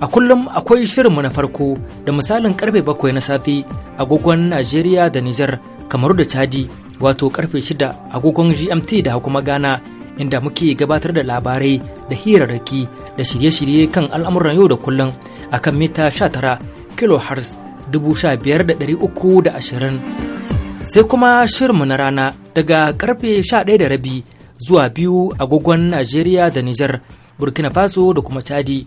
A kullum akwai shirinmu na farko da misalin karfe bakwai na safe agogon Najeriya da Nijar kamaru da Chadi wato karfe shida agogon GMT da kuma Ghana inda muke gabatar da labarai da hirarraki da shirye-shirye kan al'amuran yau da kullum a kan mita 19 kilohertz ashirin sai kuma shirinmu na rana daga karfe 11 da rabi zuwa biyu agogon Najeriya da Nijar Burkina Faso da kuma Chadi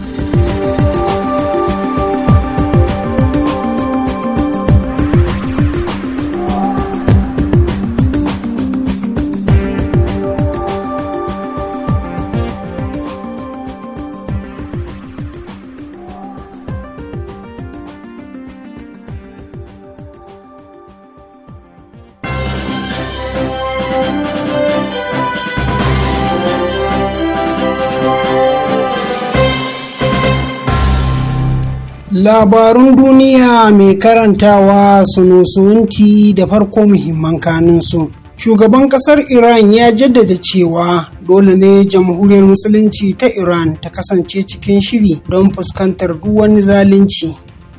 Labarun duniya mai karantawa sunusunti da farko muhimman kaninsu. Shugaban ƙasar Iran ya jaddada cewa dole ne jamhuriyar musulunci ta Iran ta kasance cikin shiri don fuskantar duk wani zalunci.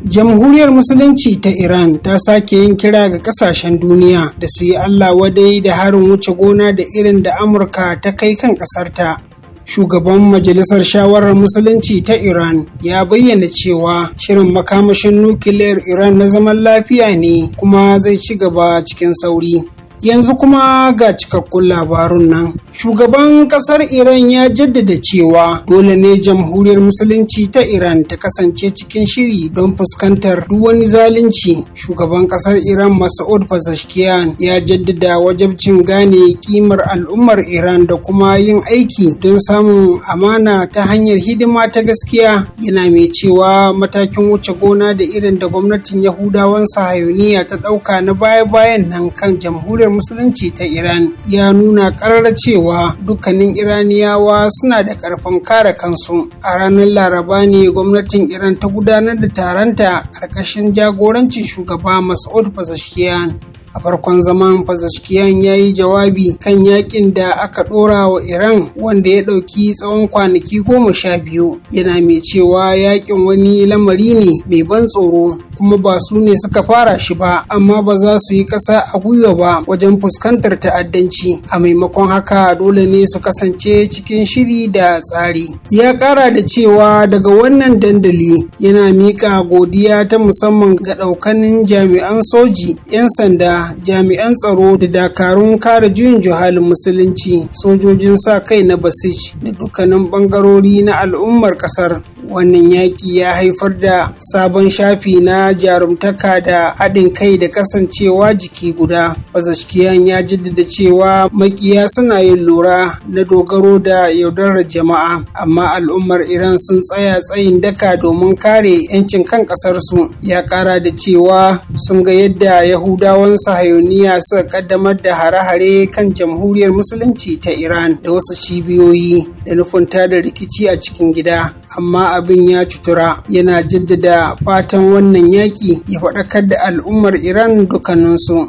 jamhuriyar musulunci ta iran ta sake yin kira ga kasashen duniya da su yi allah wadai da harin wuce gona da irin da amurka ta kai kan ƙasarta shugaban majalisar shawarar musulunci ta iran ya bayyana cewa shirin makamashin nukiliyar iran na zaman lafiya ne kuma zai ci gaba cikin sauri yanzu kuma ga cikakkun labarun nan shugaban kasar iran ya jaddada cewa dole ne jamhuriyar musulunci ta iran ta kasance cikin shiri don fuskantar duk wani zalunci shugaban kasar iran masaud pezeshkian ya jaddada wajabcin gane kimar al'ummar iran da kuma yin aiki don samun amana ta hanyar hidima ta gaskiya yana mai cewa matakin wuce gona da irin da gwamnatin yahudawan sahayuniya ta ɗauka na baya-bayan nan kan jamhuriyar musulunci ta iran ya nuna karar cewa dukkanin iraniyawa suna da karfin kare kansu a ranar laraba ne gwamnatin iran ta gudanar da taronta ƙarƙashin jagorancin shugaba mas'ud fasashiyan a farkon zaman fasashiyan ya yi jawabi kan yakin da aka ɗora wa iran wanda ya ɗauki tsawon kwanaki goma sha biyu yana mai cewa yakin wani lamari ne mai ban tsoro kuma ba su ne suka fara shi ba amma ba za su yi ƙasa a gwiwa ba wajen fuskantar ta'addanci a maimakon haka dole ne su kasance cikin shiri da tsari ya ƙara da cewa daga wannan dandali yana miƙa godiya ta musamman ga ɗaukanin jami'an soji 'yan sanda jami'an tsaro da dakarun kare juyin juhalin musulunci sojojin sa kai na basij da dukkanin bangarori na al'ummar ƙasar wannan yaƙi ya haifar da sabon shafi na jarumtaka da haɗin kai da kasancewa jiki guda Fazaskiyan ya jaddada cewa makiya suna yin lura na dogaro da yaudarar jama'a amma al'ummar iran sun tsaya tsayin daka domin kare 'yancin kan ƙasarsu ya ƙara da cewa sun ga yadda yahudawan sahayoniya suka ƙaddamar da hare-hare kan jamhuriyar musulunci ta iran da wasu cibiyoyi da nufin tada rikici a cikin gida amma abin ya cutura yana jaddada fatan wannan yaƙi ya faɗakar da al'ummar iran dukkaninsu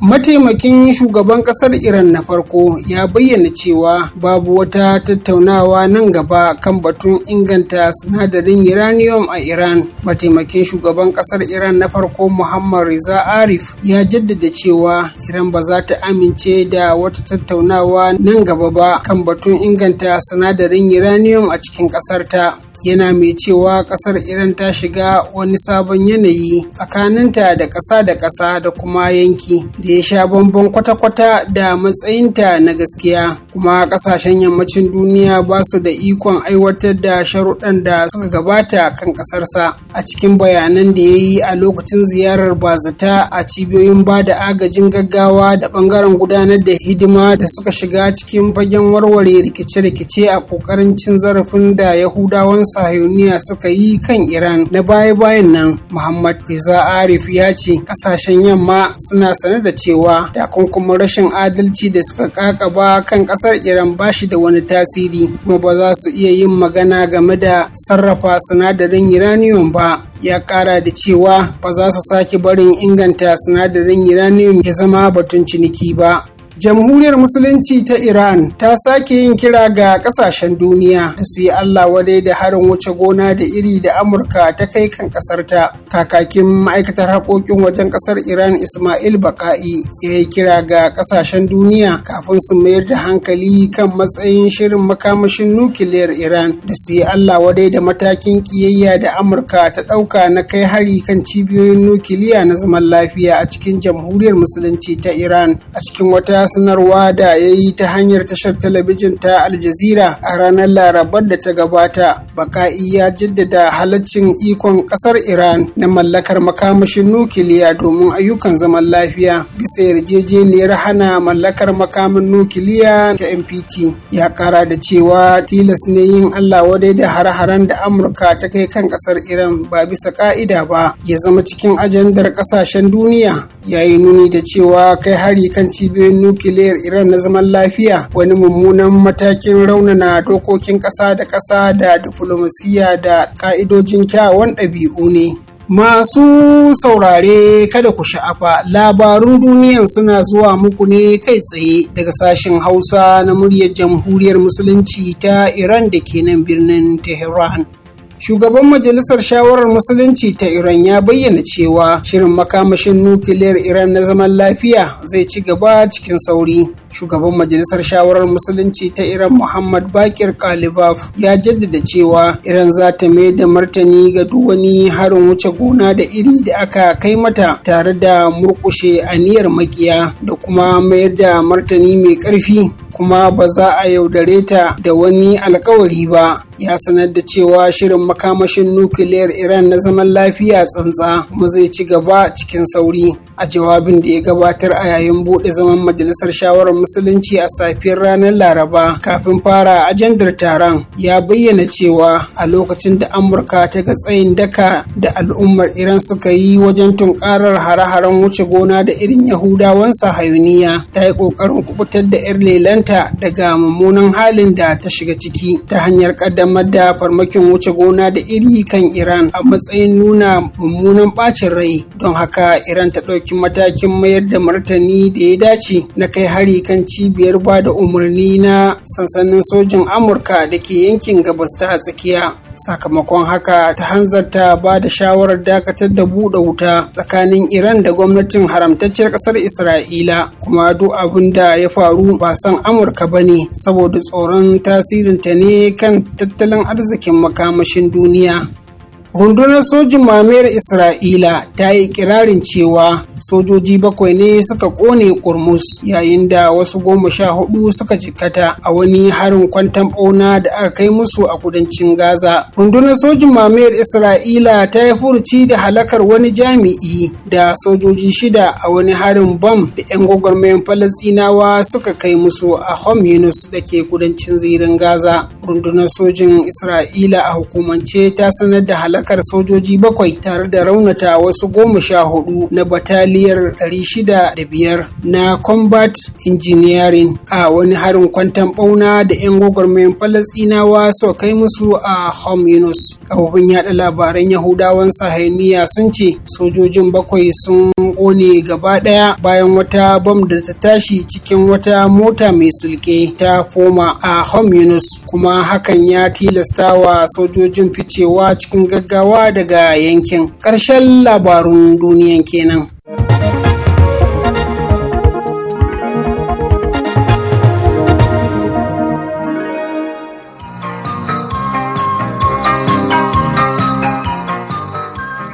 Mataimakin shugaban kasar Iran na farko ya bayyana cewa babu wata tattaunawa nan gaba kan batun inganta sinadarin uranium a Iran. Mataimakin shugaban kasar Iran na farko Muhammad Riza Arif ya jaddada cewa Iran ba za ta amince da wata tattaunawa nan gaba ba kan batun inganta sinadarin uranium a cikin kasarta. yana mai cewa ƙasar iran ta shiga wani sabon yanayi tsakaninta da ƙasa da ƙasa da kuma yanki da ya sha bambam kwata-kwata da matsayinta na gaskiya kuma ƙasashen yammacin duniya ba su da ikon aiwatar da sharuɗan da suka gabata kan ƙasarsa a cikin bayanan da ya yi a lokacin ziyarar bazata a cibiyoyin ba da agajin gaggawa da ɓangaren gudanar da hidima da suka shiga cikin fagen warware rikice-rikice a ƙoƙarin cin zarafin da yahudawan sojojin sahiyoniya suka yi kan iran na baya-bayan nan muhammad reza arif ya ce kasashen yamma suna sanar da cewa takunkumin rashin adalci da suka kakaba kan kasar iran ba shi da wani tasiri kuma ba za su iya yin magana game da sarrafa sinadarin uranium ba ya kara da cewa ba za su sake barin inganta sinadarin uranium ya zama batun ciniki ba jamhuriyar musulunci ta iran ta sake yin kira ga kasashen duniya da su yi allah wadai da harin wuce gona da iri da amurka ta kai kan kasarta kakakin ma'aikatar harkokin wajen kasar iran ismail baka'i ya yi kira ga kasashen duniya kafin su mayar da hankali kan matsayin shirin makamashin nukiliyar iran da su yi allah wadai da matakin ƙiyayya da amurka ta ɗauka na kai hari kan cibiyoyin nukiliya na zaman lafiya a cikin jamhuriyar musulunci ta iran a cikin wata sanarwa da ya yi ta hanyar tashar talabijin ta Al Jazeera a ranar Larabar da ta gabata, Baka'i ya jaddada halaccin ikon ƙasar Iran na mallakar makamashin nukiliya domin ayyukan zaman lafiya bisa yarjejeniyar hana mallakar makamin nukiliya ta NPT. Ya ƙara da cewa tilas ne yin Allah wadai da hare-haren da Amurka ta kai kan ƙasar Iran ba bisa ƙa'ida ba ya zama cikin ajandar ƙasashen duniya. Ya yi nuni da cewa kai hari kan cibiyoyin nukiliyar iran na zaman lafiya wani mummunan matakin raunana dokokin ƙasa da ƙasa da diflomasiyya da ka'idojin kyawawan ɗabi'u ne Masu saurare kada ku sha'afa labarun duniyan suna zuwa muku ne kai tsaye daga sashen Hausa na muryar Jamhuriyar Musulunci ta Iran da ke nan birnin Tehran. shugaban majalisar shawarar musulunci ta iran ya bayyana cewa shirin makamashin nukiliyar iran na zaman lafiya zai ci gaba cikin sauri shugaban majalisar shawarar musulunci ta iran muhammad bakir kalibaf ya jaddada cewa iran za ta mai da martani ga duk wani harin wuce gona da iri da aka kai mata tare da murkushe aniyar makiya da kuma mayar da martani mai karfi kuma ba za a yaudare ta da wani alkawari ba ya sanar da cewa shirin makamashin nukiliyar iran na zaman lafiya tsantsa kuma zai ci gaba cikin sauri a jawabin da ya gabatar a yayin buɗe zaman majalisar shawarar musulunci a safiyar ranar laraba kafin fara ajandar taron ya bayyana cewa a lokacin da amurka ta ga tsayin daka da al'ummar iran suka yi wajen tunkarar hare-haren wuce gona da irin yahudawan sahayuniya ta yi ƙoƙarin kubutar da 'yar lelanta daga mummunan halin da ta shiga ciki ta hanyar ƙaddamar da farmakin wuce gona da iri kan iran a matsayin nuna mummunan ɓacin rai don haka iran ta ɗauki ɗauki matakin mayar da martani da ya dace na kai hari kan cibiyar ba da umarni na sansanin sojin amurka da ke yankin gabas ta tsakiya sakamakon haka ta hanzarta ba da shawarar dakatar da buɗe wuta tsakanin iran da gwamnatin haramtacciyar ƙasar isra'ila kuma duk abin da ya faru ba san amurka ba ne saboda tsoron tasirinta ne kan tattalin arzikin makamashin duniya rundunar sojin mamayar isra'ila ta yi kirarin cewa sojoji bakwai ne suka kone kurmus yayin da wasu goma sha hudu suka jikkata a wani harin kwantan bauna da aka kai musu a kudancin gaza rundunar sojin mamayar isra'ila ta yi furuci da halakar wani jami'i da sojoji shida a wani harin bam da 'yan gwagwarmayan falasinawa suka kai musu a hom yunus da ke kudancin zirin gaza rundunar sojin isra'ila a hukumance ta sanar da halakar halakar sojoji bakwai tare da raunata wasu goma sha hudu na bataliyar da biyar na combat engineering a wani harin kwantan bauna da 'yan gwagwarmayin falasinawa sau kai musu a home yunus kafofin yada labaran yahudawan sahaniya sun ce sojojin bakwai sun kone gaba ɗaya, bayan wata bam da ta tashi cikin wata mota mai sulke ta foma a home yunus kuma hakan ya tilasta wa sojojin ficewa cikin gaggawa gaggawa daga yankin ƙarshen labarun duniyan kenan.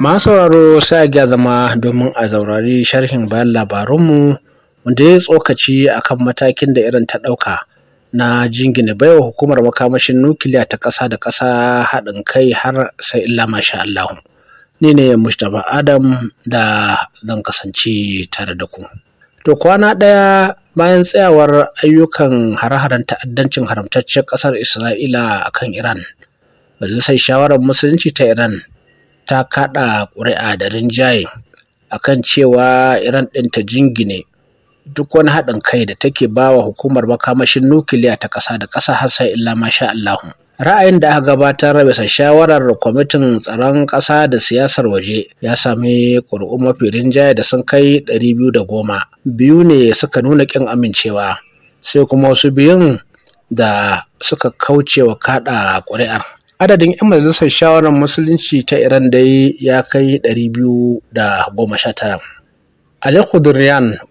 masu sauraro sai ga zama domin a zaurari sharhin bayan labarunmu wanda ya tsokaci akan matakin da irin ta ɗauka na jingina baiwa hukumar makamashin nukiliya ta ƙasa da ƙasa haɗin kai har sai illa masha Allah, Ni ne Mustapha Adam da zan kasance tare da ku. To kwana ɗaya bayan tsayawar ayyukan hare-haren ta'addancin haramtaccen ƙasar Isra'ila a kan Iran, majalisar shawarar musulunci ta Iran ta kaɗa ƙuri'a da rinjaye akan cewa Iran ɗin ta jingine duk wani haɗin kai da take ba wa hukumar makamashin nukiliya ta ƙasa da ƙasa har sai illa masha Allahu. Ra'ayin da aka gabatar bisa shawarar kwamitin tsaron ƙasa da siyasar waje ya sami ƙuri'u mafi rinjaye da sun kai ɗari Biyu da goma, biyu ne suka nuna ƙin amincewa, sai kuma wasu biyun da suka kauce wa kaɗa ƙuri'ar. Adadin 'yan majalisar shawarar musulunci ta Iran dai ya kai ɗari biyu da goma sha tara Ali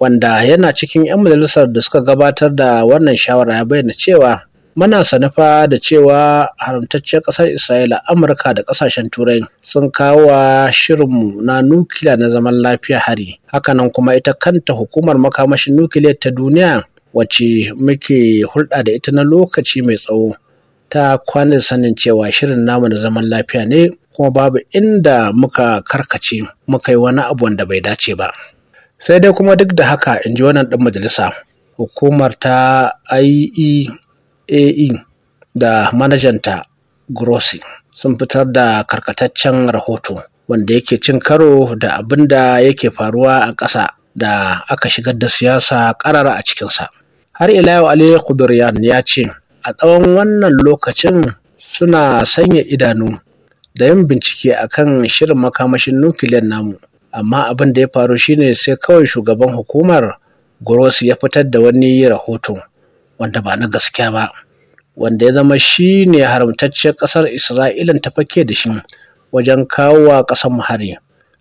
wanda yana cikin 'yan majalisar da suka gabatar da wannan shawara ya bayyana cewa muna sanufa da cewa haramtacciyar ƙasar Isra'ila Amurka da ƙasashen Turai sun kawo wa shirinmu na nukiliya na zaman lafiya hari. Hakanan kuma ita kanta hukumar makamashin nukiliyar ta duniya wacce muke hulɗa da ita na lokaci mai tsawo ta kwana sanin cewa shirin namu na zaman lafiya ne kuma babu inda muka karkace muka yi wani abu wanda bai dace ba. sai dai kuma duk da haka in ji wannan ɗan majalisa hukumar ta ieae e da manajanta grossi sun fitar da karkataccen rahoto wanda yake cin karo da abin da yake faruwa a ƙasa da aka shigar da siyasa ƙarara a cikinsa har ila yau ali kudurian ya ce a tsawon wannan lokacin suna sanya idanu da yin bincike akan shirin makamashin nukiliyar namu amma abin da ya faru shine sai kawai shugaban hukumar Gross ya fitar da wani rahoton wanda ba na gaskiya ba wanda ya zama shi ne haramtacciyar ƙasar isra'ilan ta fake da shi wajen kawo wa ƙasar hari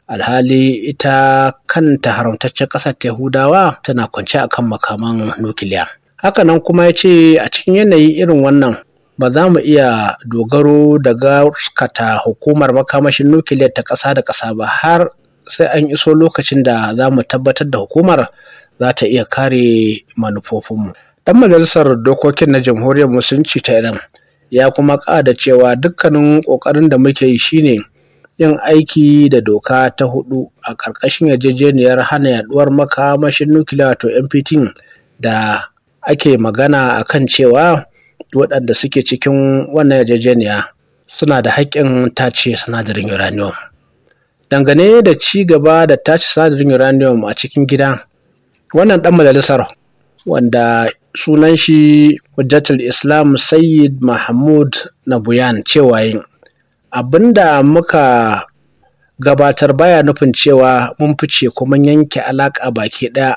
alhali ita kanta haramtacciyar ƙasar ta yahudawa tana kwance akan makaman nukiliya hakanan kuma ya ce a cikin yanayi irin wannan ba za mu iya dogaro da gaskata hukumar makamashin nukiliyar ta ƙasa da ƙasa ba har sai an iso lokacin da za mu tabbatar da hukumar za ta iya kare manufofinmu. Ɗan majalisar dokokin na jamhuriyar musulunci ta Iran ya kuma ƙada cewa dukkanin ƙoƙarin da muke yi shine yin aiki da doka ta hudu a ƙarƙashin yarjejeniyar hana yaduwar makamashin nukiliya wato NPT da ake magana a kan cewa waɗanda suke cikin wannan yarjejeniya suna da haƙƙin tace sinadarin uranium. dangane da ci gaba da tashi sadarin uranium a cikin gida wannan dan majalisar wanda sunan shi hujjatul islam sayyid mahmud na buyan, cewa yin abinda muka gabatar baya nufin cewa mun fice kuma yanke alaƙa baki ɗaya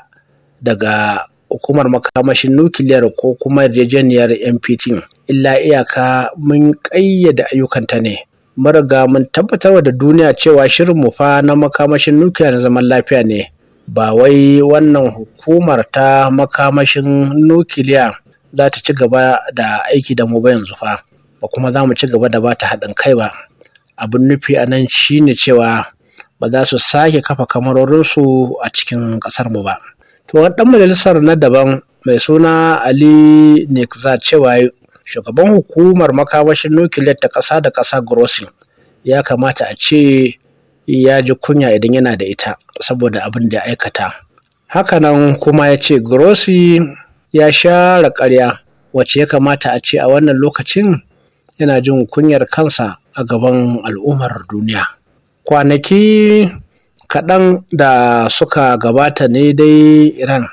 daga hukumar makamashin nukiliyar ko kuma yarjejeniyar mpt illa iyaka mun ƙayyade ayyukanta ne mariga mun tabbatar da duniya cewa shirin mu fa na makamashin nukiliya na zaman lafiya ne ba wai wannan hukumar ta makamashin nukiliya za ta ci gaba da aiki da mu ba yanzu fa ba kuma za mu ci gaba da ba ta haɗin kai ba abin nufi a nan shine cewa ba za su sake kafa kamarorinsu a cikin ƙasar mu ba to wani ɗan majalisar na daban mai suna ali nekza cewa shugaban hukumar makamashin nukiliyar ta ƙasa da ƙasa grossing ya kamata a ce ya ji kunya idan yana da ita saboda abin da ya aikata hakanan kuma ya ce grossi ya share ƙarya wacce ya kamata a ce a wannan lokacin yana jin kunyar kansa a gaban al'ummar duniya kwanaki kaɗan da suka gabata ne dai iran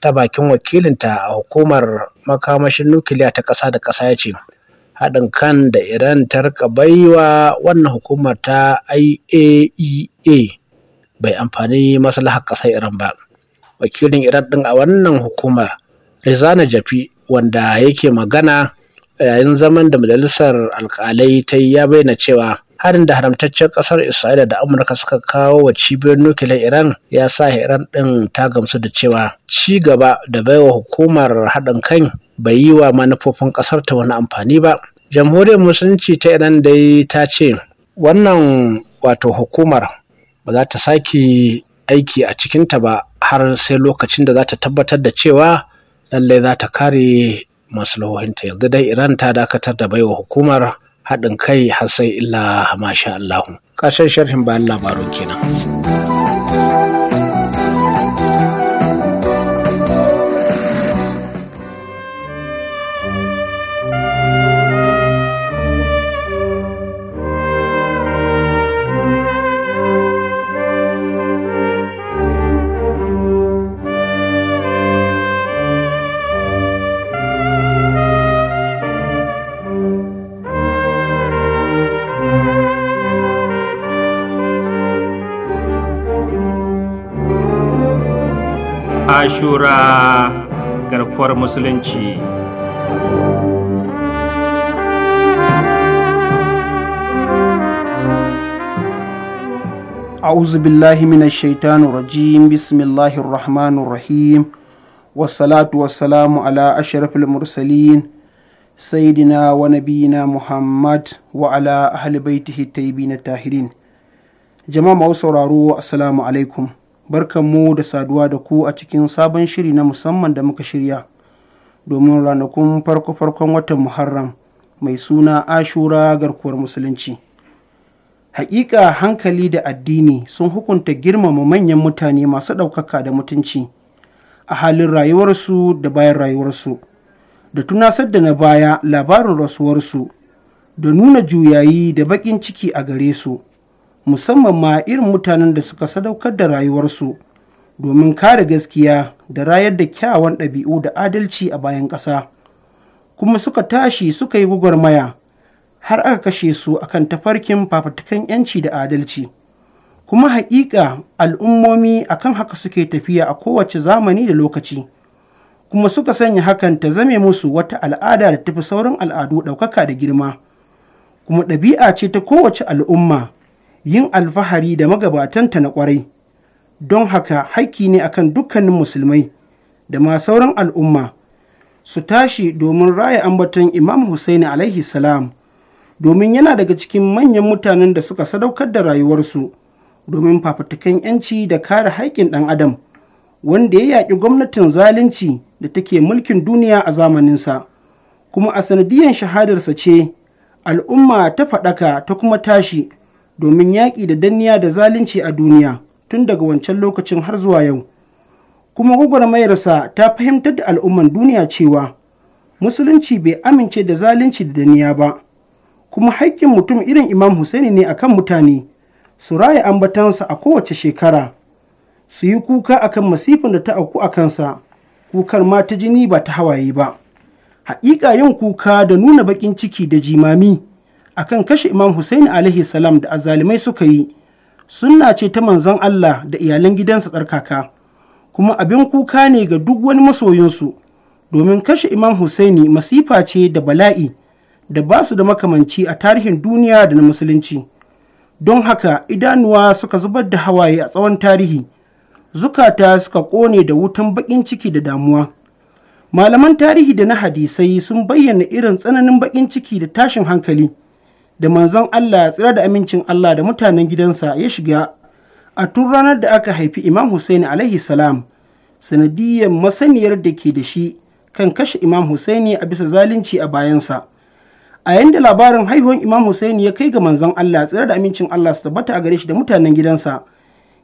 ta bakin wakilinta a hukumar makamashin nukiliya ta ƙasa da ƙasa ya ce haɗin kan da iran ta rika baiwa wannan hukumar ta iaea e bai amfani maslahar ƙasar iran ba wakilin iran ɗin a wannan hukumar rizana jafi wanda yake magana yayin zaman da majalisar alkalai ta yi ya bayyana cewa harin da haramtaccen kasar isra'ila da amurka suka kawo wa cibiyar nukiliyar iran ya sa iran din ta gamsu da cewa ci gaba da baiwa hukumar haɗin kan bai yi wa manufofin kasar ta wani amfani ba jamhuriyar musulunci ta iran dai ta ce wannan wato hukumar ba za ta sake aiki a cikinta ba har sai lokacin da za ta tabbatar da cewa lallai za ta kare masu lahohinta yanzu dai iran ta dakatar da baiwa hukumar haɗin kai har illa masha Allahu. Ƙarshen sharhin bayan labarun kenan. ashura garkuwar musulunci A'uzubillahi billahi minash shaitani rajim bismillahir rahmanir rahim wasalatu wasalamu ala ashrafil mursalin saidina wa nabina muhammad wa ala ahli baitihi na tahirin jama'a mau sauraro asalamu alaikum barkan mu da saduwa da ku a cikin sabon shiri na musamman da muka shirya domin ranakun farko-farkon watan Muharram mai suna Ashura garkuwar Musulunci. Hakika hankali da addini sun hukunta girmama manyan mutane masu ɗaukaka da mutunci a halin rayuwarsu da bayan rayuwarsu, da tunasar da na baya labarin rasuwarsu, da nuna juyayi da baƙin ciki a gare su. musamman ma irin mutanen da suka sadaukar da rayuwarsu domin kare gaskiya da rayar da kyawawan ɗabi'u da adalci a bayan ƙasa kuma suka tashi suka yi gwagwarmaya har aka kashe su akan tafarkin fafatakan 'yanci da adalci kuma haƙiƙa al'ummomi akan haka suke tafiya a kowace zamani da lokaci kuma suka sanya hakan ta zame musu wata al'ada da tafi sauran al'adu ɗaukaka da girma kuma ɗabi'a ce ta kowace al'umma yin alfahari da magabatanta na kwarai don haka haƙƙi ne akan dukkanin musulmai da ma sauran al'umma su tashi domin raya ambaton imam Hussein alaihi salam domin yana daga cikin manyan mutanen da suka sadaukar da rayuwarsu domin fafutukan 'yanci da kare haƙƙin ɗan adam wanda ya yaƙi gwamnatin zalunci da take mulkin duniya a zamaninsa kuma a sanadiyar shahadarsa ce al'umma ta faɗaka ta kuma tashi domin yaƙi da danniya da zalunci a duniya tun daga wancan lokacin har zuwa yau kuma gwagwarmayarsa ta fahimtar da al'umman duniya cewa musulunci bai amince da zalunci da danniya ba kuma haƙƙin mutum irin imam Hussaini ne akan mutane su raya ambatansa a kowace shekara su yi kuka akan masifin da ta auku a kansa kukar ma ta jini ba ta hawaye ba haƙiƙa yin kuka da nuna baƙin ciki da jimami akan kashe Imam Hussein alaihi salam da azalimai suka yi sunna ce ta manzon Allah da iyalan gidansa tsarkaka kuma abin kuka ne ga duk wani masoyinsu domin kashe Imam Husaini masifa ce da bala'i da ba su da makamanci a tarihin duniya da na musulunci don haka idanuwa suka zubar da hawaye a tsawon tarihi zukata suka kone da wutan baƙin ciki da damuwa malaman tarihi da na hadisai sun bayyana irin tsananin baƙin ciki da tashin hankali da manzon Allah tsira da amincin Allah da mutanen gidansa ya shiga a tun ranar da aka haifi Imam Hussein alaihi salam sanadiyar masaniyar da ke da shi kan kashe Imam Hussein a bisa zalunci a bayansa. A yayin labarin haihuwar Imam Hussein ya kai ga manzon Allah tsira da amincin Allah su tabbata a gare shi da mutanen gidansa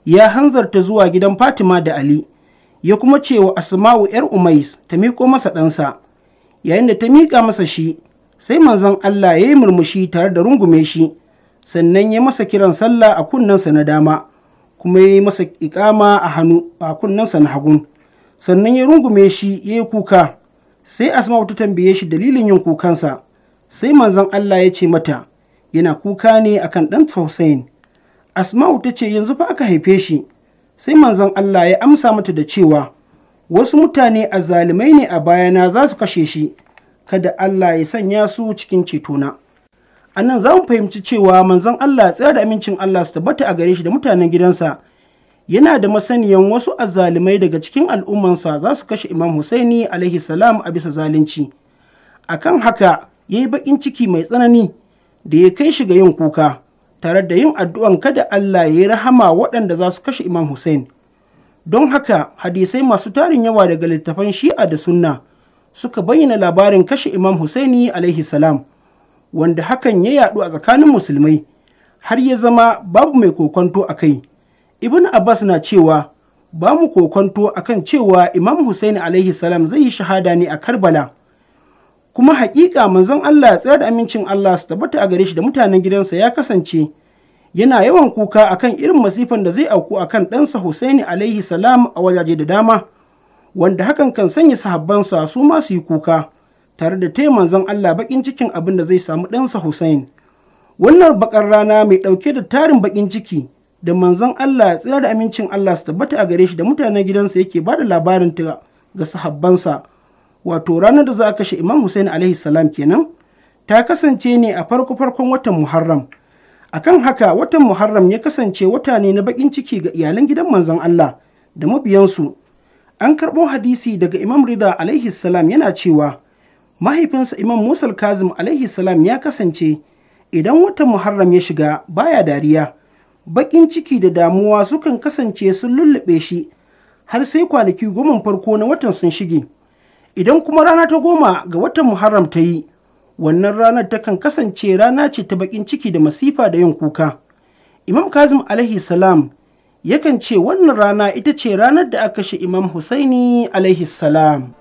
ya hanzarta zuwa gidan Fatima da Ali ya kuma ce wa Asma'u ‘yar Umais ta miko masa ɗansa, yayin da ta miƙa masa shi sai manzon Allah ya yi murmushi tare da rungume shi sannan ya masa kiran sallah a kunnensa na dama kuma ya yi masa ikama a hannu a kunnensa na hagun sannan ya rungume shi ya yi kuka sai asma ta tambaye shi dalilin yin kukansa sai manzon Allah ya ce mata yana kuka ne akan ɗan Hussein Asma'u ta ce yanzu fa aka haife shi sai manzon Allah ya amsa mata da cewa wasu mutane azzalumai ne a bayana za su kashe shi kada Allah ya sanya su cikin cetona. A nan za mu fahimci cewa manzon Allah tsayar da amincin Allah su tabbata a gare shi da mutanen gidansa yana da masaniyan wasu azzalumai daga cikin al'ummansa za su kashe Imam Husaini alaihi salam a bisa zalunci. Akan haka ya yi baƙin ciki mai tsanani da ya kai shi ga yin kuka tare da yin addu'an kada Allah ya yi rahama waɗanda za su kashe Imam Hussein. Don haka hadisai masu tarin yawa daga littafan shi'a da sunna suka bayyana labarin kashe Imam Husaini alaihi salam wanda hakan ya yaɗu a tsakanin musulmai har ya zama babu mai kokonto a kai. Ibn Abbas na cewa ba mu kokonto a kan cewa Imam Husaini alaihi salam zai yi shahada ne a Karbala. Kuma haƙiƙa manzon Allah ya tsayar da amincin Allah su tabbata a gare shi da mutanen gidansa ya kasance yana yawan kuka akan irin masifan da zai auku akan ɗansa Husaini alaihi salam a wajaje da dama. wanda hakan kan sanya sahabbansa su ma su yi kuka tare da taya manzon Allah bakin cikin abin da zai samu ɗansa Hussein. Wannan bakar rana mai ɗauke da tarin bakin ciki da manzon Allah tsira da amincin Allah su tabbata a gare shi da mutanen gidansa yake ba da labarin ta ga sahabbansa. Wato ranar da za a kashe Imam Hussein alaihi salam kenan ta kasance ne a farko farkon watan Muharram. Akan haka watan Muharram ya kasance wata ne na bakin ciki ga iyalan gidan manzon Allah da mabiyansu an karɓo hadisi daga imam rida alaihi salam yana cewa mahaifinsa imam musal kazim alaihi salam ya kasance idan watan muharram ya shiga baya dariya baƙin ciki da damuwa sukan kasance sun lullube shi har sai kwanaki goma farko na watan sun shige idan kuma rana ta goma ga watan muharram ta yi wannan ranar takan kasance rana ce ta baƙin ciki da masifa da yin kuka imam kazim alaihi salam yakan ce wannan rana ita ce ranar da aka kashe Imam Husaini alaihi salam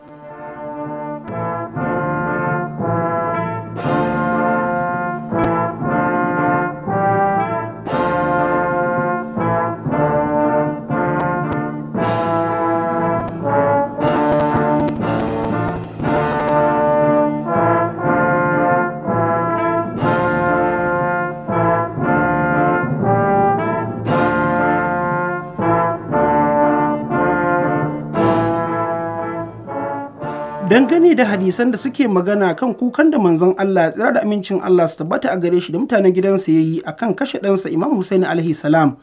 dangane da hadisan da suke magana kan kukan da manzon Allah tsira da amincin Allah su tabbata a gare shi da mutanen gidansa ya yi akan kashe ɗansa Imam Hussein alaihi salam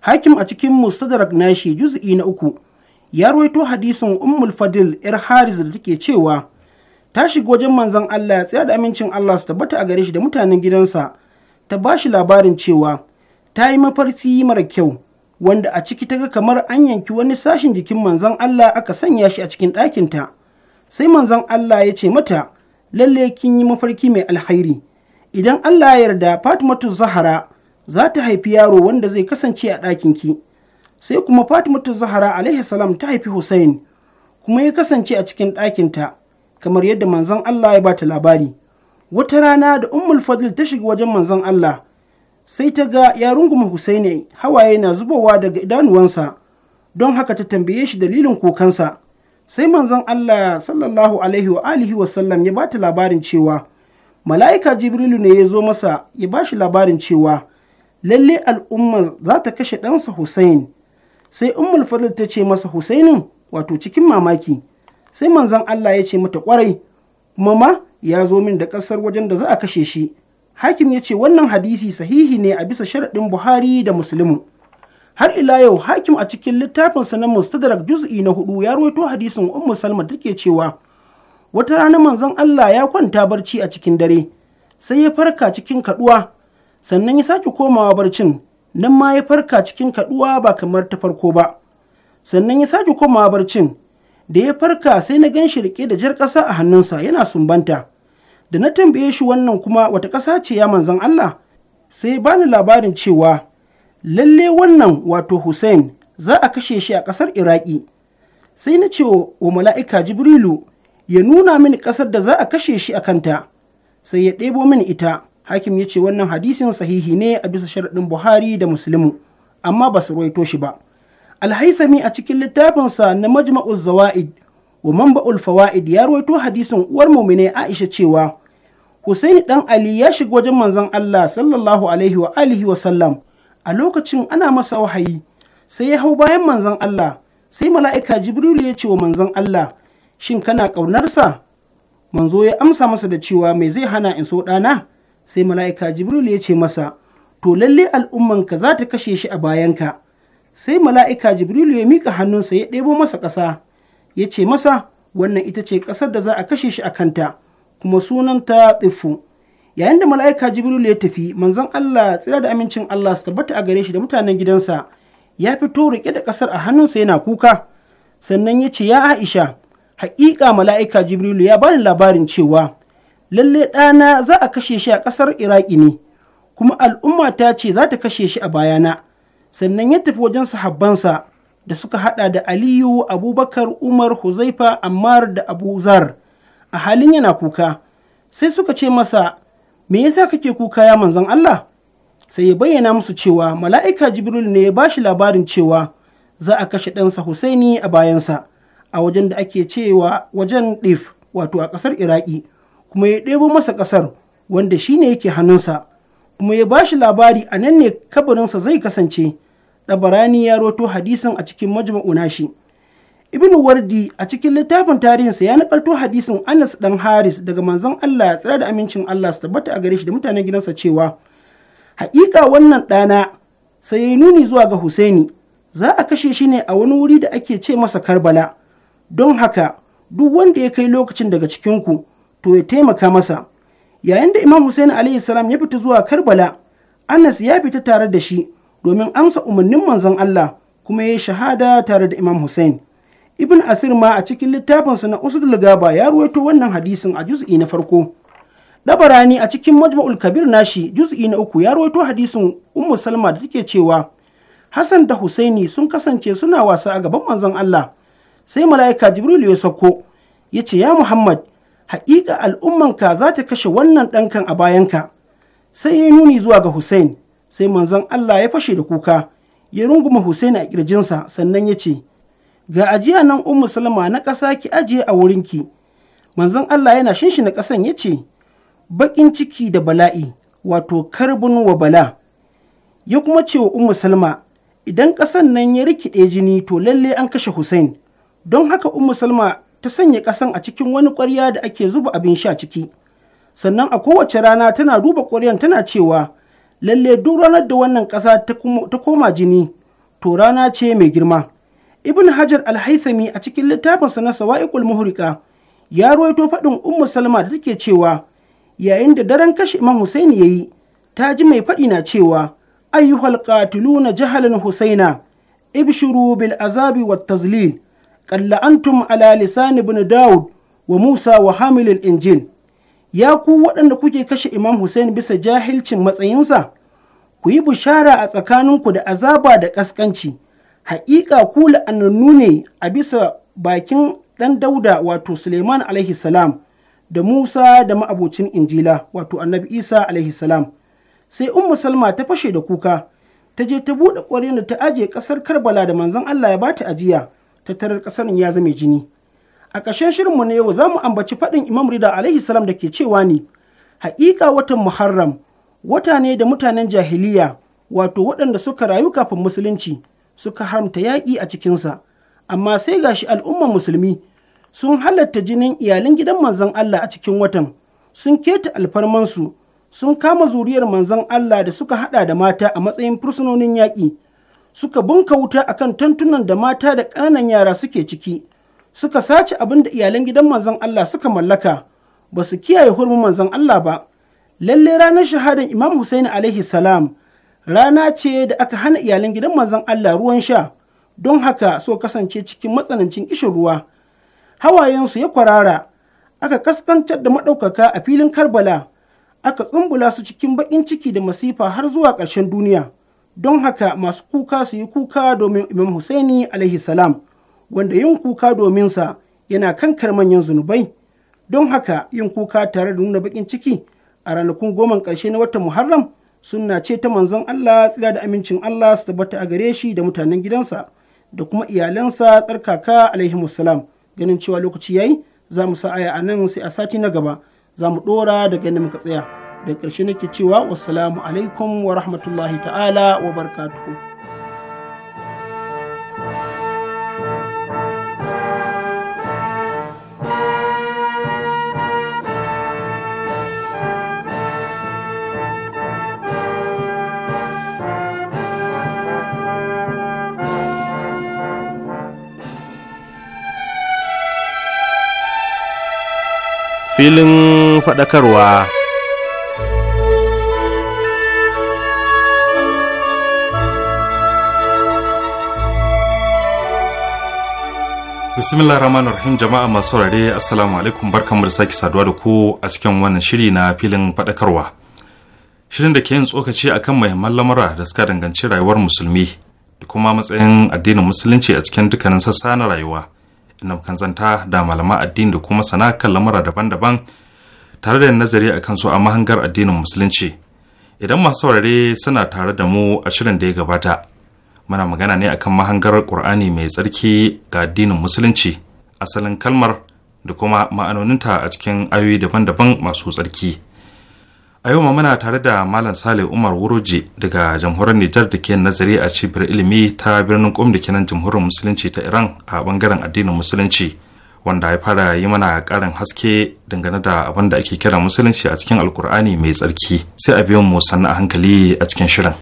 hakim a cikin Mustadrak nashi juz'i na uku ya ruwaito hadisin Ummul Fadil ‘yar Haris da take cewa ta shiga wajen manzon Allah tsira da amincin Allah su tabbata a gare shi da mutanen gidansa ta ba shi labarin cewa ta yi mafarki mara kyau wanda a ciki ta ga kamar an yanki wani sashin jikin manzon Allah aka sanya shi a cikin ɗakinta. ta sai manzon Allah ya ce mata lalle kin yi mafarki mai alkhairi idan Allah ya yarda Fatimatu Zahara za ta haifi yaro wanda zai kasance a ɗakin ki sai kuma Fatimatu Zahara alaihi salam ta haifi Hussein kuma ya kasance a cikin ɗakinta kamar yadda manzon Allah ya bata labari wata rana da Ummul Fadl ta shiga wajen manzon Allah sai ta ga ya runguma Hussein hawaye na zubowa daga idanuwansa don haka ta tambaye shi dalilin kukansa sai manzon Allah sallallahu alaihi wa alihi wa sallam ya bata labarin cewa mala'ika Jibrilu ne ya zo masa ya bashi labarin cewa lalle al'umma za ta kashe ɗansa Hussein sai ummul fadl ta ce masa Husainin wato cikin mamaki sai manzon Allah ya ce mata kwarai kuma ma ya zo min da ƙasar wajen da za a kashe shi hakim ya ce wannan hadisi sahihi ne a bisa sharaɗin Buhari da Musulmi har ila yau hakim a cikin littafinsa na mustadrak juz'i na hudu ya ruwaito hadisin ummu salma take cewa wata rana manzon Allah ya kwanta barci a cikin dare sai ya farka cikin kaduwa sannan ya sake komawa barcin nan ma ya farka cikin kaduwa ba kamar ta farko ba sannan ya sake komawa barcin da ya farka sai na gan shi rike da jar ƙasa a hannunsa yana sumbanta da na tambaye shi wannan kuma wata ƙasa ce ya manzon Allah sai bani labarin cewa lalle wannan wato Hussein za a kashe shi a ƙasar Iraki. Sai na ce wa mala'ika Jibrilu ya nuna mini ƙasar da za a kashe shi a kanta, sai ya ɗebo mini ita. Hakim ya ce wannan hadisin sahihi ne a bisa sharaɗin Buhari da Musulmu, amma ba su roito shi ba. Alhaisami a cikin littafinsa na Majma'ul Zawa'id wa Mamba'ul Fawa'id ya ruwaito hadisin uwar mumine Aisha cewa Husaini ɗan Ali ya shiga wajen manzon Allah sallallahu alaihi wa alihi wa sallam a lokacin ana masa wahayi sai ya hau bayan manzon Allah sai mala'ika Jibrilu ya ce wa manzon Allah shin kana ƙaunarsa manzo ya amsa masa da cewa mai zai hana in so ɗana sai mala'ika Jibrilu ya ce masa to lalle al'ummanka za ta kashe shi a bayanka sai mala'ika Jibrilu ya miƙa hannunsa ya ɗebo masa ƙasa ya ce masa wannan ita ce ƙasar da za a kashe shi a kanta kuma sunanta tsiffu yayin da mala'ika jibrilu ya tafi manzon Allah tsira da amincin Allah su tabbata a gare shi da mutanen gidansa ya fito rike da ƙasar a hannunsa yana kuka sannan ya ce ya Aisha haƙiƙa mala'ika jibrilu ya bani labarin cewa lalle ɗana za a kashe shi a ƙasar Iraki ne kuma al'umma ta ce za ta kashe shi a bayana sannan ya tafi wajen sahabbansa da suka haɗa da Aliyu Abubakar Umar Huzaifa Ammar da Abu Zar a halin yana kuka sai suka ce masa me yasa kake kuka ya manzon Allah sai ya bayyana musu cewa mala'ika jibril ne ya ba shi labarin cewa za a kashe ɗansa husaini a bayansa a wajen da ake cewa wajen ɗef, wato a ƙasar iraki kuma ya ɗebo masa ƙasar wanda shi ne yake hannunsa kuma ya bashi labari a nan ne kabarinsa zai kasance ɗabarani ya roto hadisin a cikin majma'una shi Ibn Wardi a cikin littafin tarihinsa ya nakalto hadisin Anas dan Haris daga manzon Allah ya tsira da amincin Allah su tabbata a gare shi da mutanen gidansa cewa haƙiƙa wannan ɗana sai ya nuni zuwa ga Husaini za a kashe shi ne a wani wuri da ake ce masa Karbala don haka duk wanda ya kai lokacin daga cikinku to ya taimaka masa yayin da Imam Husaini alayhi salam ya fita zuwa Karbala Anas ya fita tare da shi domin amsa umarnin manzon Allah kuma ya yi shahada tare da Imam Husaini ibn asir ma a cikin littafinsa na usdul gaba ya ruwaito wannan hadisin a juz'i na farko dabarani a cikin majmu'ul kabir nashi juz'i na uku ya ruwaito hadisin ummu salma da take cewa hassan da husaini sun kasance suna wasa a gaban manzon allah sai mala'ika jibril ya sauko ya ce ya muhammad haƙiƙa al'ummanka za ta kashe wannan ɗankan a bayanka sai ya nuni zuwa ga Husain, sai manzon allah ya fashe da kuka ya runguma Husaini a ƙirjinsa sannan ya ce ga ajiya nan ummu Musulma na ƙasa ki ajiye a wurinki manzon Allah yana shinshina ƙasan ya ce baƙin ciki da bala'i wato karbin wa bala ya kuma ce wa ummu salma idan ƙasan nan ya rikide jini to lalle an kashe Hussein don haka umu Musulma ta sanya ƙasan a cikin wani ƙwarya da ake zuba abin sha ciki sannan a kowace rana tana duba ƙwaryan tana cewa lalle duk ranar da wannan ƙasa ta koma jini to rana ce mai girma ibn hajar alhaisami a cikin littafinsa na sawa'iqul muhrika ya ruwaito faɗin ummu salma da take cewa yayin da daren kashe imam husaini yayi ta ji mai faɗi na cewa ayyuhal qatiluna jahalan husaina ibshuru bil azabi wat tazlil qalla antum ala lisan ibn daud wa musa wa al injil ya ku waɗanda kuke kashe imam husain bisa jahilcin matsayinsa ku yi bushara a tsakaninku da azaba da ƙasƙanci haƙiƙa ku la'anannu ne a bisa bakin ɗan dauda wato suleiman alaihi salam da musa da ma'abocin injila wato annabi isa alaihi salam sai ummu salma ta fashe da kuka ta je ta buɗe ƙwarin da ta aje ƙasar karbala da manzon allah ya bata ajiya ta tarar ƙasar ya zame jini a ƙarshen shirinmu na yau za mu ambaci faɗin imam rida alaihi da ke cewa ne haƙiƙa watan muharram wata ne da mutanen jahiliya wato waɗanda suka rayu kafin musulunci suka haramta yaƙi a cikinsa amma sai gashi al'umman musulmi sun halatta jinin iyalin gidan manzon Allah a cikin watan sun keta alfarmansu sun kama zuriyar manzon Allah da suka haɗa da mata a matsayin fursunonin yaƙi suka bunka wuta a kan tantunan da mata da ƙananan yara suke ciki suka sace abin da iyalan gidan manzon Allah suka mallaka ba su kiyaye hurmin manzon Allah ba Lallai ranar shahadar Imam Hussein alaihi salam rana ce da aka hana iyalin gidan manzon Allah ruwan sha don haka so kasance cikin matsanancin kishin ruwa hawayensu ya kwarara aka kaskantar da maɗaukaka a filin karbala aka tsumbula su cikin baƙin ciki da masifa har zuwa ƙarshen duniya don haka masu kuka su yi kuka domin imam husaini alaihi salam wanda yin kuka domin sa yana kankar manyan zunubai don haka yin kuka tare da nuna baƙin ciki a ranakun goma ƙarshe na watan muharram sunna ce ta manzon Allah tsira da amincin Allah su tabbata a gare shi da mutanen gidansa da kuma iyalansa tsarkaka alaihi musalam ganin cewa lokaci yayi za mu sa aya a nan sai a sati na gaba za mu dora da ganin muka tsaya da ƙarshe nake cewa wassalamu alaikum wa rahmatullahi ta'ala wa barakatuhu filin faɗakarwa. bismillah rahman rahim jama'a masu saurare assalamu alaikum barkanmu da sake saduwa da ku a cikin wannan shiri na filin faɗakarwa shirin da ke yin tsokaci akan mahimman lamura da suka danganci rayuwar musulmi da kuma matsayin addinin musulunci a cikin dukkanin sassa na rayuwa inda da malama addini da kuma sana kan lamura daban-daban tare da nazari a kansu a mahangar addinin musulunci idan masu saurare suna tare da mu a shirin da ya gabata muna magana ne akan mahangar qur'ani mai tsarki ga addinin musulunci asalin kalmar da kuma ma'anoninta a cikin ayoyi daban-daban masu tsarki a yau muna tare da malam sale umar wuroji daga jamhuriyar nijar da ke nazari a cibiyar ilimi ta birnin kum da ke nan jamhuriyar musulunci ta iran a bangaren addinin musulunci wanda ya fara yi mana karin haske dangane da abin da ake kira musulunci a cikin alkur'ani mai tsarki sai a biyan mu sannan a hankali a cikin shirin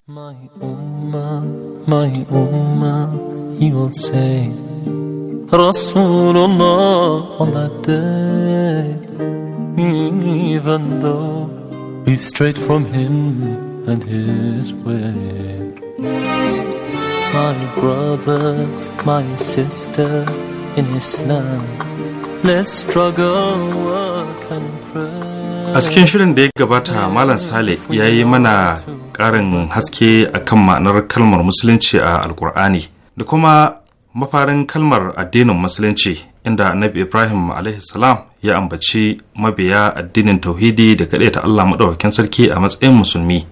Rasulullah We've strayed from Him and His way. My brothers, my sisters in Islam, let's struggle, work and pray. A cikin shirin da ya gabata Malam Sale ya yi mana ƙarin haske a kan ma'anar kalmar Musulunci a alkur'ani da kuma mafarin kalmar addinin Musulunci inda annabi ibrahim salam ya ambaci mabiya addinin tauhidi da ta allah maɗaukakin sarki a matsayin musulmi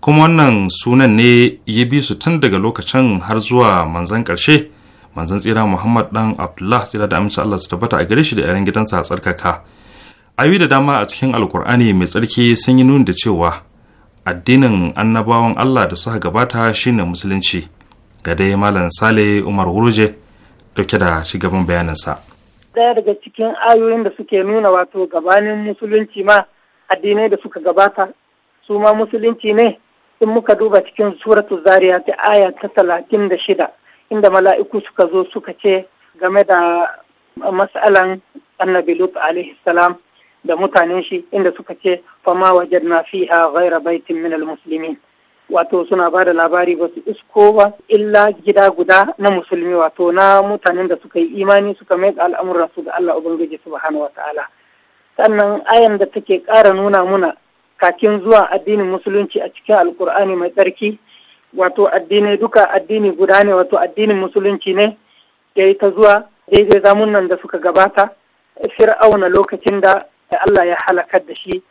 kuma wannan sunan ne ya bi su tun daga lokacin har zuwa manzan ƙarshe manzan tsira muhammad dan abdullah tsira da amince allah su tabbata a gare shi da yaren gidansa a tsarkaka ayu da dama a cikin alkur'ani mai tsarki sun yi nuni da cewa addinin annabawan allah da suka gabata shine musulunci ga dai malam sale umar wurje dauke da shigaban bayaninsa. daya daga cikin ayoyin da suke nuna wato gabanin musulunci ma addinai da suka gabata su ma musulunci ne in muka duba cikin suratu zariya ta aya ta talatin da shida inda mala'iku suka zo suka ce game da matsalan annabi lut alaihi salam da mutanen shi inda suka ce fama wajen na fiha ghaira baitin minal musulmin wato suna ba da labari ba su isko ba illa gida guda na musulmi wato na mutanen da suka yi imani suka mai al'amuran su ga Allah Ubangiji subhanahu wata'ala sannan ayan da take kara nuna muna kakin zuwa addinin musulunci a cikin alkur'ani mai tsarki wato addinai duka addini guda ne wato addinin musulunci ne ya yi ta zuwa daidai zamunan da suka gabata fir'auna lokacin da Allah ya halakar da shi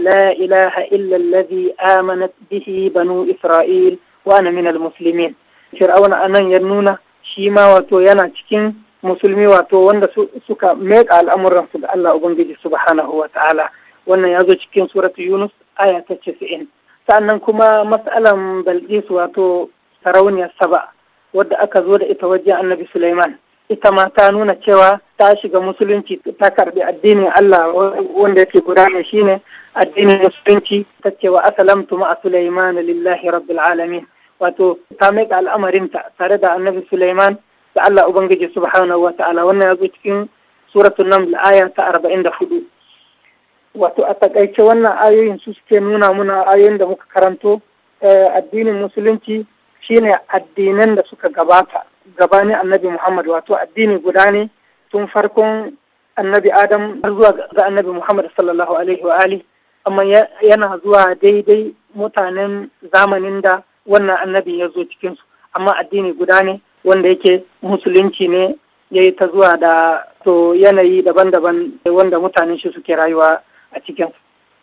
لا إله إلا الذي آمنت به بنو إسرائيل وأنا من المسلمين فرعون أنا ينونا شيما wato yana cikin musulmi wato wanda suka meka al'amuransu ga Allah Ubangiji subhanahu wa ta'ala wannan ya zo cikin surat Yunus aya ta casa'in sannan kuma matsalan Balkis wato sarauniyar Saba wadda aka zo da ita wajen Annabi Sulaiman ita ma ta nuna cewa ta shiga musulunci ta karbi addinin Allah wanda yake gudana shine addinin musulunci ta cewa asalamtu ma Sulaiman lillahi rabbil alamin wato ta maida al'amarin ta tare da annabi Sulaiman da Allah ubangiji subhanahu wata'ala wannan ya zo cikin suratul naml aya ta 44 wato a takaice wannan ayoyin su suke nuna muna ayoyin da muka karanto eh, addinin musulunci shine addinan da suka gabata gabanin annabi muhammad wato addini guda ne tun farkon annabi adam har zuwa ga annabi muhammad sallallahu alaihi wa ali amma yana zuwa daidai mutanen zamanin da wannan annabi ya zo cikinsu amma addini guda ne wanda yake musulunci ne ya yi ta zuwa da to yanayi daban-daban wanda mutanen shi suke rayuwa a cikinsu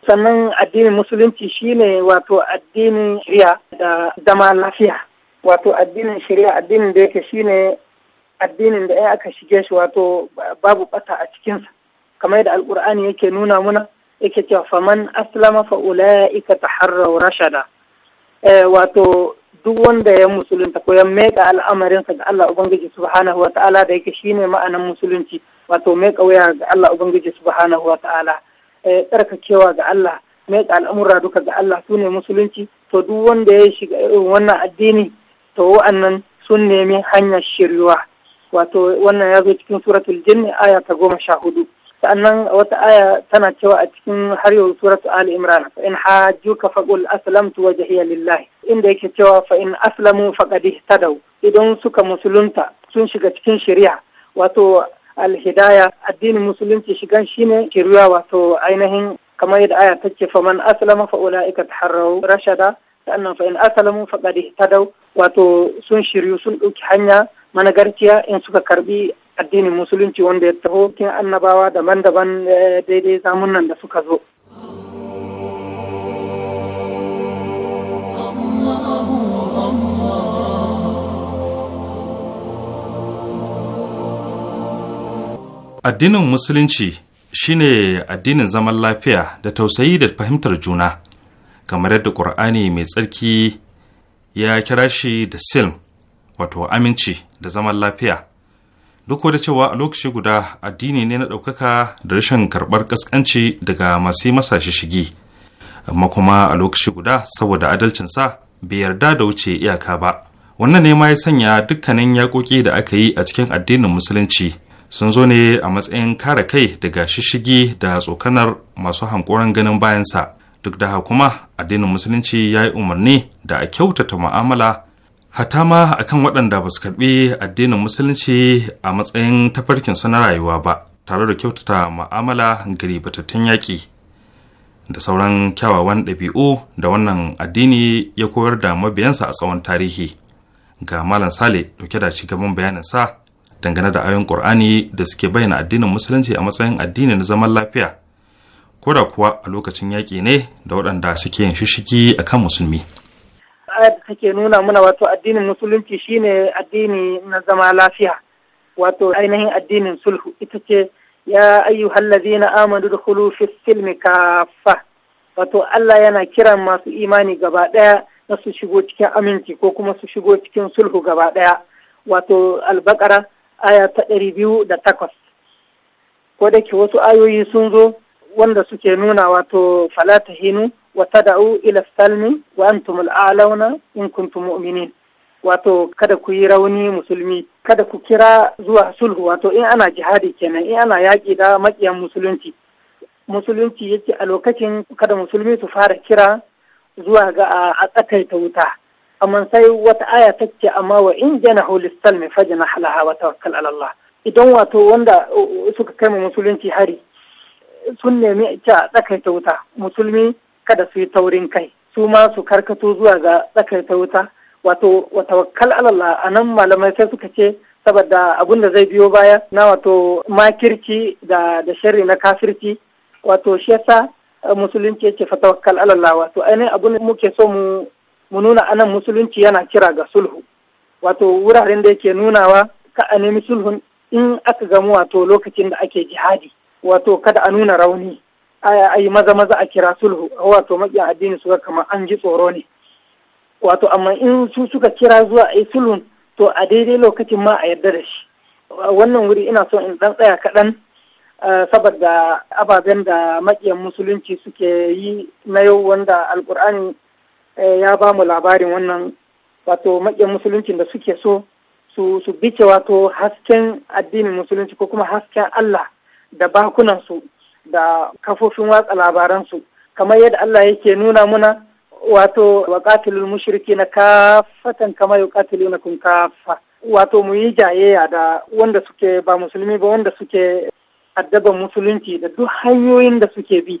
sannan addinin musulunci shine wato addinin riya da zama lafiya wato addinin shari'a addinin da yake shine addinin da ya aka shige shi wato babu bata a cikinsa kamar yadda alkur'ani yake nuna muna yake cewa faman aslama fa ulaika taharraw rashada eh, wato duk wanda ya musulunta ko ya meka al'amarinsa ga Allah ubangiji subhanahu wata'ala da yake shine ma'anan musulunci wato meka waya ga Allah ubangiji subhanahu wa ta'ala eh, tsarkakewa ga Allah meka al'amura duka ga Allah sune musulunci to duk wanda ya shiga irin wannan addini to wa'annan sun nemi hanyar shiryuwa wato wannan ya zo cikin suratul jinni aya ta goma sha hudu sannan wata aya tana cewa a cikin har yau suratu ali imran fa in hajjuka faqul aslamtu wajhiya lillahi inda yake cewa fa in aslamu faqad ihtadaw idan suka musulunta sun shiga cikin shari'a wato alhidaya addinin musulunci shigan shine shirya wato ainihin kamar yadda aya ta ce faman aslama fa ulaika taharraw rashada sannan fa in asalamu ta dau wato sun shiryu sun ɗauki hanya managarciya in suka karbi addinin musulunci wanda ya taho kin annabawa daban-daban eh, daidai nan da suka zo Addinin Musulunci shine addinin zaman lafiya da tausayi da fahimtar juna. kamar yadda ƙur'ani mai tsarki ya kira shi da silm wato aminci da zaman lafiya duk da cewa a lokaci guda addini ne na ɗaukaka da rashin karɓar ƙasƙanci daga masu masa shigi amma kuma a lokaci guda saboda adalcinsa bai yarda da wuce iyaka ba wannan ne ma ya sanya dukkanin yaƙoƙi da aka yi a cikin addinin musulunci sun zo ne a matsayin kare kai daga shishigi da tsokanar masu hankoron ganin bayansa duk da kuma addinin musulunci ya yi umarni da a kyautata mu'amala hata ma kan waɗanda ba su karɓi addinin musulunci a matsayin tafarkin na rayuwa ba tare da kyautata mu'amala gari batattun yaƙi da sauran kyawawan ɗabi'u da wannan addini ya koyar da mabiyansa a tsawon tarihi ga malam sale dauke da ci gaban bayanin sa dangane da ayon qur'ani da suke bayyana addinin musulunci a matsayin addini na zaman lafiya koda kuwa a lokacin yaƙi ne da waɗanda suke yin shishigi a kan musulmi. Ayar da take nuna mana wato addinin musulunci shine addini na zama lafiya wato ainihin addinin sulhu ita ce ya hallazi na amadu da fi silmi kafa wato Allah yana kiran masu imani gaba ɗaya na su shigo cikin aminci ko kuma su shigo cikin sulhu gaba ɗaya wato albakara aya ta ɗari biyu da takwas ko da ke wasu ayoyi sun zo wanda suke nuna wato falata hinu wa tada'u ila salmi wa antum al'alauna in kuntum mu'minin wato kada ku yi rauni musulmi kada ku kira zuwa sulhu wato in ana jihadi kenan in ana yaƙi da maƙiyan musulunci musulunci yake a lokacin kada musulmi su fara kira zuwa ga a tsakaita wuta amma sai wata aya ta ce amma wa in janahu Salmi fajina halaha wa tawakkal ala Allah idan wato wanda uh, suka kai musulunci hari sun nemi ta tsakaita wuta musulmi kada su yi taurin kai su ma su karkato zuwa ga tsakaita wuta wato wata tawakkal alallah a nan malamai sai suka ce saboda abun da zai biyo baya na wato makirci da da sharri na kafirci wato shi yasa eh, musulunci yake fa tawakkal alallah wato ainihin abun da muke so mu mu nuna anan musulunci yana kira ga sulhu wato wuraren da yake nunawa ka a nemi sulhun in aka gamu wato lokacin da ake jihadi wato kada a nuna rauni a yi maza maza a kira sulhu wato maƙiyan addini suka kama an ji tsoro ne wato amma in su suka kira zuwa a yi sulhun to a daidai lokacin ma a yarda da shi wannan wuri ina so in dan tsaya kaɗan saboda ababen da maƙiyan musulunci suke yi na yau wanda alƙur'ani eh, ya ba mu labarin wannan wato maƙiyan musulunci da suke so su bice wato hasken addinin musulunci ko kuma hasken Allah da bakunansu da kafofin watsa labaransu kamar yadda Allah yake nuna muna wato wa qatilul mushrikina kafatan na kun kafa wato mu yi jayayya da wanda suke ba musulmi ba wanda suke addaban musulunci da duk hanyoyin da suke bi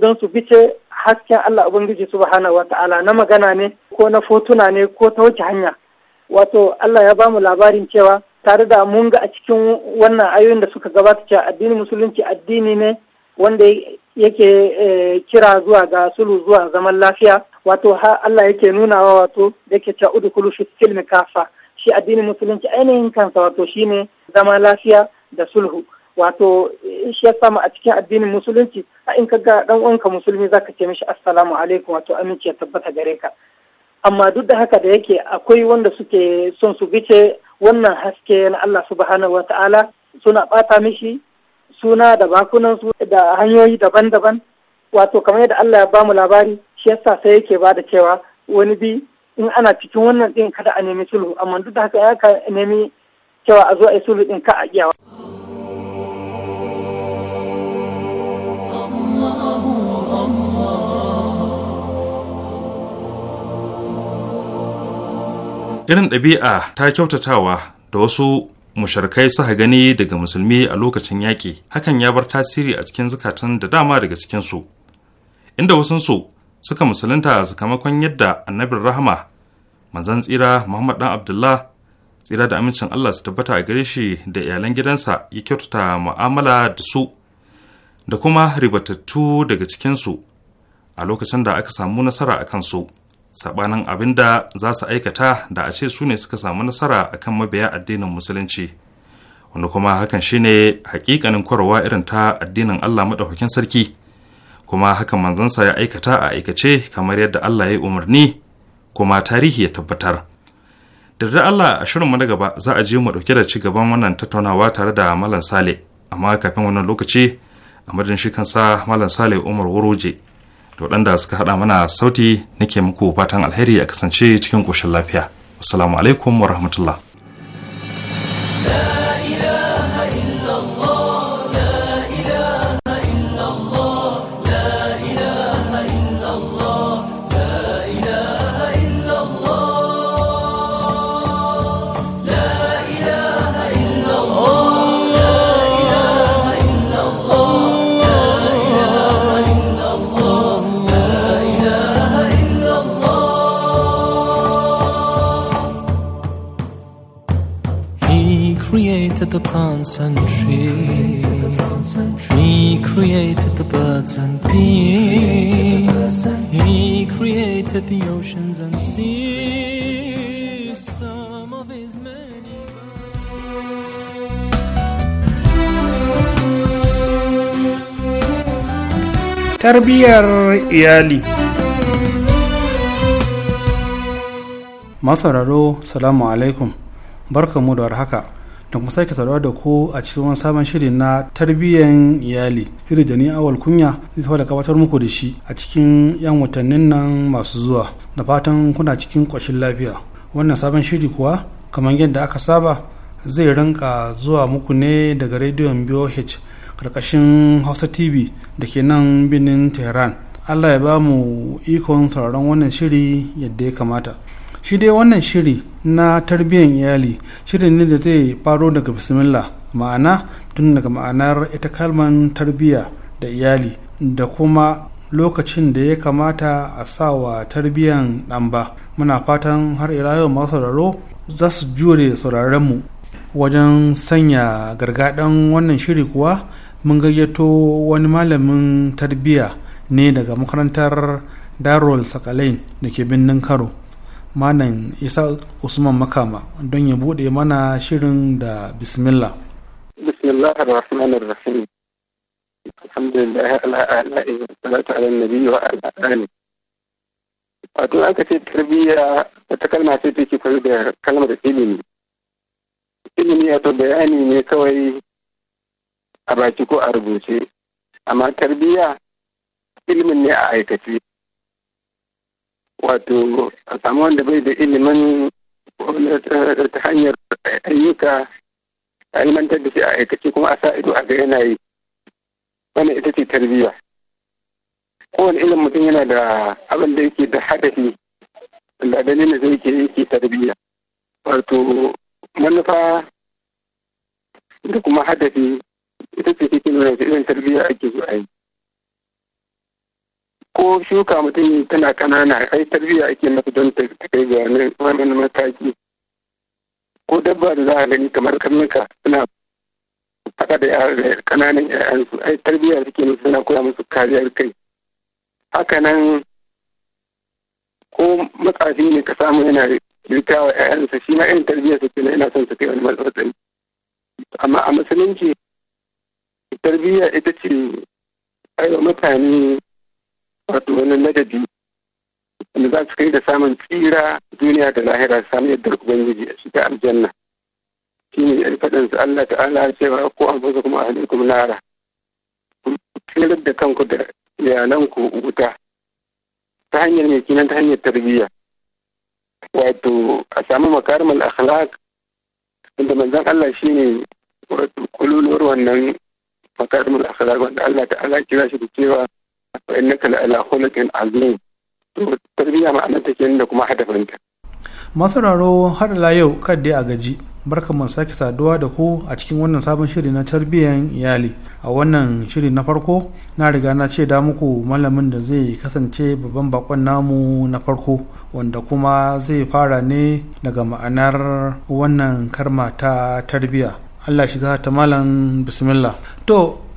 don su bice hasken Allah Ubangiji subhanahu wata'ala na magana ne ko na fotuna ne ko ta wace hanya wato Allah ya bamu labarin cewa tare da mun ga a cikin wannan ayoyin da suka gabata cewa addinin musulunci addini ne wanda yake eh, kira zuwa ga sulhu zuwa zaman lafiya wato Allah yake nuna wa wato yake cewa udkhulu fi silmi kafa shi addinin musulunci ainihin kansa wato shine zaman lafiya da sulhu wato eh, shi ya samu a cikin addinin musulunci a in ka ga dan uwanka musulmi zaka ce mishi assalamu alaikum wato aminci ya tabbata gare ka amma duk da haka da yake akwai wanda suke son su bice wannan haske na Allah subhanahu wata'ala suna ɓata mishi suna da su da hanyoyi daban-daban wato kamar yadda Allah ya bamu labari shi yasa sai yake ba da cewa wani bi in ana cikin wannan ɗin kada a nemi sulhu amma duk da haka ya ka nemi cewa a zo a yi sulhu ɗin ka a iyawa. irin ɗabi'a ta kyautatawa da wasu musharkai suka gani daga musulmi a lokacin yaƙi hakan ya bar tasiri a cikin zukatan da dama daga cikinsu inda wasunsu suka musulunta sakamakon yadda annabin rahama manzan tsira muhammad dan abdullah tsira da amincin allah su tabbata a gare shi da iyalan gidansa ya kyautata mu'amala da su da kuma ribatattu daga cikinsu a lokacin da aka samu nasara a kansu. su sabanin abin da za su aikata da a ce su ne suka samu nasara akan mabiya addinin musulunci wanda kuma hakan shine hakikanin kwarwa irin ta addinin Allah maɗaukakin sarki kuma hakan manzansa ya aikata a aikace kamar yadda Allah ya umarni kuma tarihi ya tabbatar da Allah a shirin mu na gaba za a je mu dauke da ci gaban wannan tattaunawa tare da Malam Sale amma kafin wannan lokaci a madadin shi kansa Malam Sale Umar Wuroje to waɗanda suka haɗa mana sauti nake muku fatan alheri a kasance cikin ƙoshin lafiya assalamu alaikum wa rahmatullah the plants and trees. He created the birds and bees. He created the oceans and seas. Some of his many. iyali. Masararo, salamu alaikum, barka da haka. da kuma sake saduwa da ku a cikin wani sabon shiri na tarbiyyar iyali shiri da awal kunya zai saboda da gabatar muku da shi a cikin yan watannin nan masu zuwa da fatan kuna cikin ƙoshin lafiya wannan sabon shiri kuwa kamar yadda aka saba zai rinka zuwa muku ne daga rediyon boh karkashin hausa tv da ke nan birnin tehran allah ya ba mu ikon sauraron wannan shiri yadda ya kamata shi dai wannan shiri na tarbiyyar iyali shiri ne da zai faro daga bismillah ma'ana tun daga ma'anar ita kalman tarbiyya da iyali da kuma lokacin da ya kamata a sawa tarbiyyar ɗan ba muna fatan har ila yau masu sauraro za su jure sauraronmu wajen sanya gargaɗan wannan shiri kuwa mun gayyato wani malamin tarbiyya ne daga makarantar darul sakalain da ke birnin karo manan isa usman makama don ya bude mana shirin da bismillah bismillah ar-rahman ar-rahim alhamdulillah ala ala salatu ala nabi wa ala ali wato an ka ce tarbiyya wata kalma ce take koyo da kalmar ilimi ilimi wato bayani ne kawai a baki ko a rubuce amma tarbiyya ilimin ne a aikace wato a samu wanda bai da ilimin eh, ta hanyar ayyuka a ilimantar da shi a aikace kuma a sa ido a ga yana yi wannan ita ce tarbiyya kowane irin mutum yana da abin da yake da hadafi da dalilin da yake yake tarbiyya wato manufa da kuma hadafi ita ce cikin wani irin tarbiyya ake so a yi ko shuka mutum tana kanana ai tarbiyya ake mata don ta kai ga wannan mataki ko dabba da za a gani kamar karnuka suna haka da kananan yayansu ai tarbiyya suke musu suna koya musu kariyar kai haka nan ko matsafi ne ka samu yana rika wa yayansa shi ma irin tarbiyya suke na yana son su kai wani matsatsin amma a musulunci tarbiyya ita ce aiwa mutane wato wani madadi wanda za su kai da samun tsira duniya da lahira su samu yadda ubangiji a shiga aljanna ne yan faɗin su Allah ta'ala cewa ko an fasa kuma ahlikum nara tsirar da kanku da iyalanku wuta ta hanyar mai kinan ta hanyar tarbiyya wato a samu makarimar akhlaq inda manzan Allah shi ne wato kululuwar wannan makarimar akhlaq wanda Allah ta'ala kira shi da cewa masararo har la yau kad a gaji barka mu sake saduwa da ku a cikin wannan sabon shiri na tarbiyyar iyali a wannan shiri na farko na riga na ce da muku malamin da zai kasance babban bakon namu na farko wanda kuma zai fara ne daga ma'anar wannan karma ta tarbiyya allah shiga ta malam bismillah to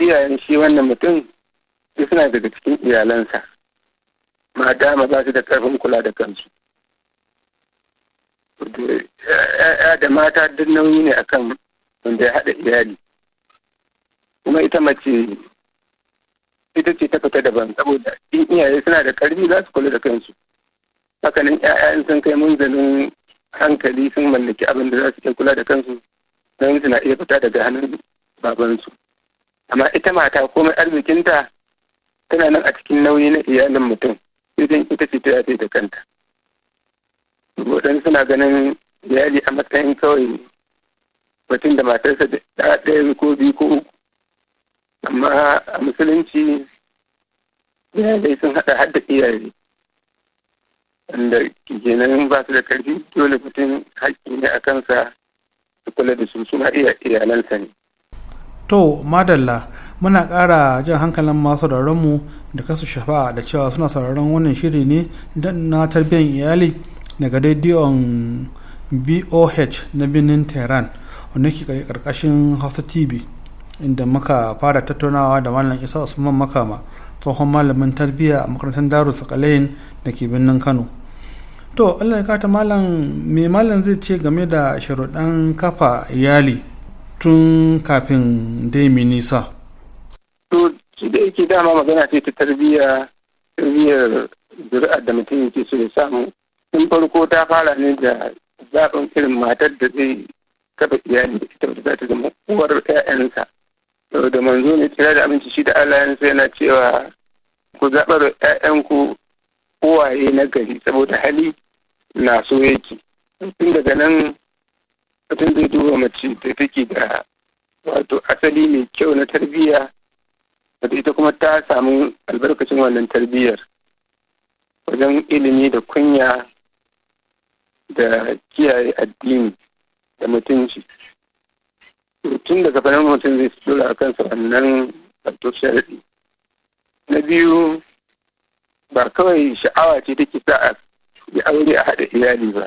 iyayen shi wannan mutum duk suna daga cikin iyalansa mata maza su da karfin kula da kansu ya da mata duk nauyi ne akan wanda ya haɗa iyali kuma ita mace ita ce ta fita daban saboda in iyaye suna da ƙarfi za su kula da kansu hakanan ƴaƴan sun kai munzalin hankali sun mallaki abin da za su ke kula da kansu don suna iya fita daga hannun babansu amma ita mata komai arzikinta tana nan a cikin nauyi na iyalin mutum idan ita ce ta da kanta waɗansu suna ganin iyali a matsayin kawai mutum da matarsa da ɗaya ko biyu ko uku amma a musulunci iyalai sun haɗa har da iyaye wanda kenan ba su da ƙarfi dole mutum haƙƙi ne a kansa su kula da su suna iyalansa ne to madalla muna kara jan hankalin masu mu da kasu shafa'a da cewa suna sauraron wannan shiri ne na tarbiyyar iyali daga rediyon boh na birnin tehran wanda ke karkashin hausa tv inda muka fara tattaunawa da malam isa usman makama tsohon malamin tarbiyya a makarantar daru sakalayin da ke birnin kano to allah ya kata malam me malam zai ce game da sharuɗan kafa iyali tun kafin dai mi nisa to shi da yake dama magana ce ta tarbiyya tarbiyyar zuri'ar da mutum yake so ya samu in farko ta fara ne da zaɓin irin matar da zai kafa iyali da ita da za ta zama uwar 'ya'yansa da manzo ne tsira da aminci shi da Allah yansa yana cewa ku zaɓar 'ya'yanku uwaye na gari saboda hali na so yake tun daga nan mutum zai duba mace da take da wato asali mai kyau na tarbiyya wato ita kuma ta samu albarkacin wannan tarbiyyar wajen ilimi da kunya da kiyaye addini da mutunci tun daga fanar mutum zai dora a kansa wannan wato sharaɗi na biyu ba kawai sha'awa ce take sa a yi aure a haɗa iyali ba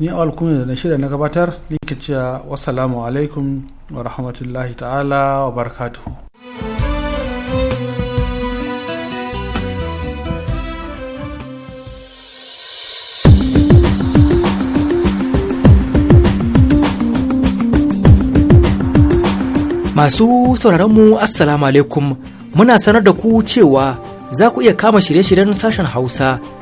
ni awal kuma da na shirya na gabatar nike cewa wasalamu alaikum wa rahmatullahi ta'ala wa barakatuhu Masu sauraronmu Assalamu alaikum muna sanar da ku cewa za ku iya kama shirye-shiryen sashen Hausa